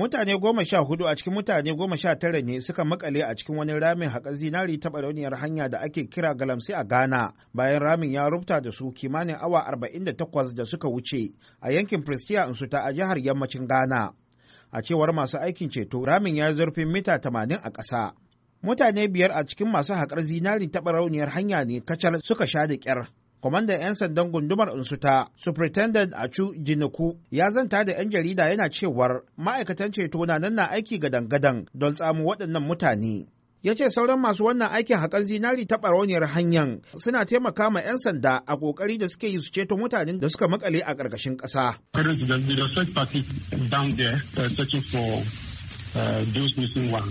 Mutane goma sha hudu a cikin mutane goma sha tara ne suka makale a cikin wani ramin haƙar zinari ta barauniyar hanya da ake kira galamsi a Ghana bayan ramin ya rubuta da su kimanin awa arba'in da takwas da suka wuce a yankin in ta a jihar yammacin Ghana. A cewar masu aikin ceto ramin ya zurfin mita tamanin a ƙasa. Mutane biyar a cikin masu haƙar zinari ta barauniyar hanya ne kacal suka sha da ƙyar kwamandan 'yan sandan gundumar unsuta superintendent achu jiniku ya zanta da 'yan jarida yana cewar ma'aikatan ceto na nan na aiki gadan-gadan don tsamu waɗannan mutane ya ce sauran masu wannan aikin haƙar zinari ta ɓarauniyar hanyar suna taimaka ma 'yan sanda a ƙoƙari da suke yi su ceto mutanen da suka makale a ƙarƙashin ƙasa. Uh, uh,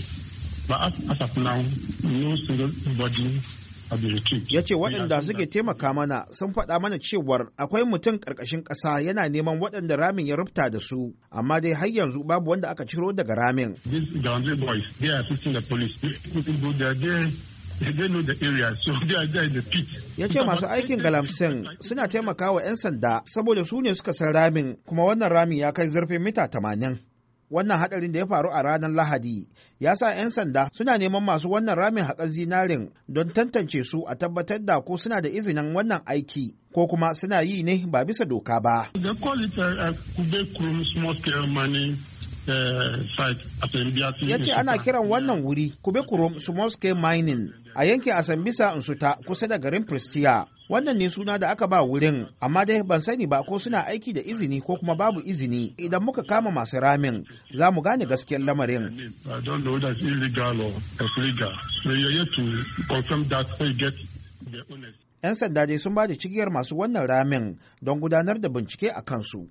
But as, as of now, no single body ya ce waɗanda suke taimaka mana sun faɗa mana cewar akwai mutum ƙarƙashin ƙasa yana neman waɗanda ramin ya rufta da su amma dai har yanzu babu wanda aka ciro daga ramin ya ce masu aikin galamsin suna taimaka wa 'yan sanda saboda su ne suka san ramin kuma wannan ramin ya kai zurfin mita 80. wannan hadarin da ya faru a ranar lahadi ya sa 'yan sanda suna neman masu wannan ramin haƙar zinarin don tantance su a tabbatar da ko suna da izinin wannan aiki ko kuma suna yi ne ba bisa doka ba. Uh, ya ce ana kiran wannan wuri kube kurum small scale mining a yankin asambisa nsuta kusa da garin pristia wannan ne suna da aka ba wurin amma dai ban sani ba ko suna aiki da izini ko kuma babu izini idan muka kama masu ramin za mu gane gaskiyar lamarin yan sanda dai sun ba da cigiyar masu wannan ramin don gudanar da bincike a kansu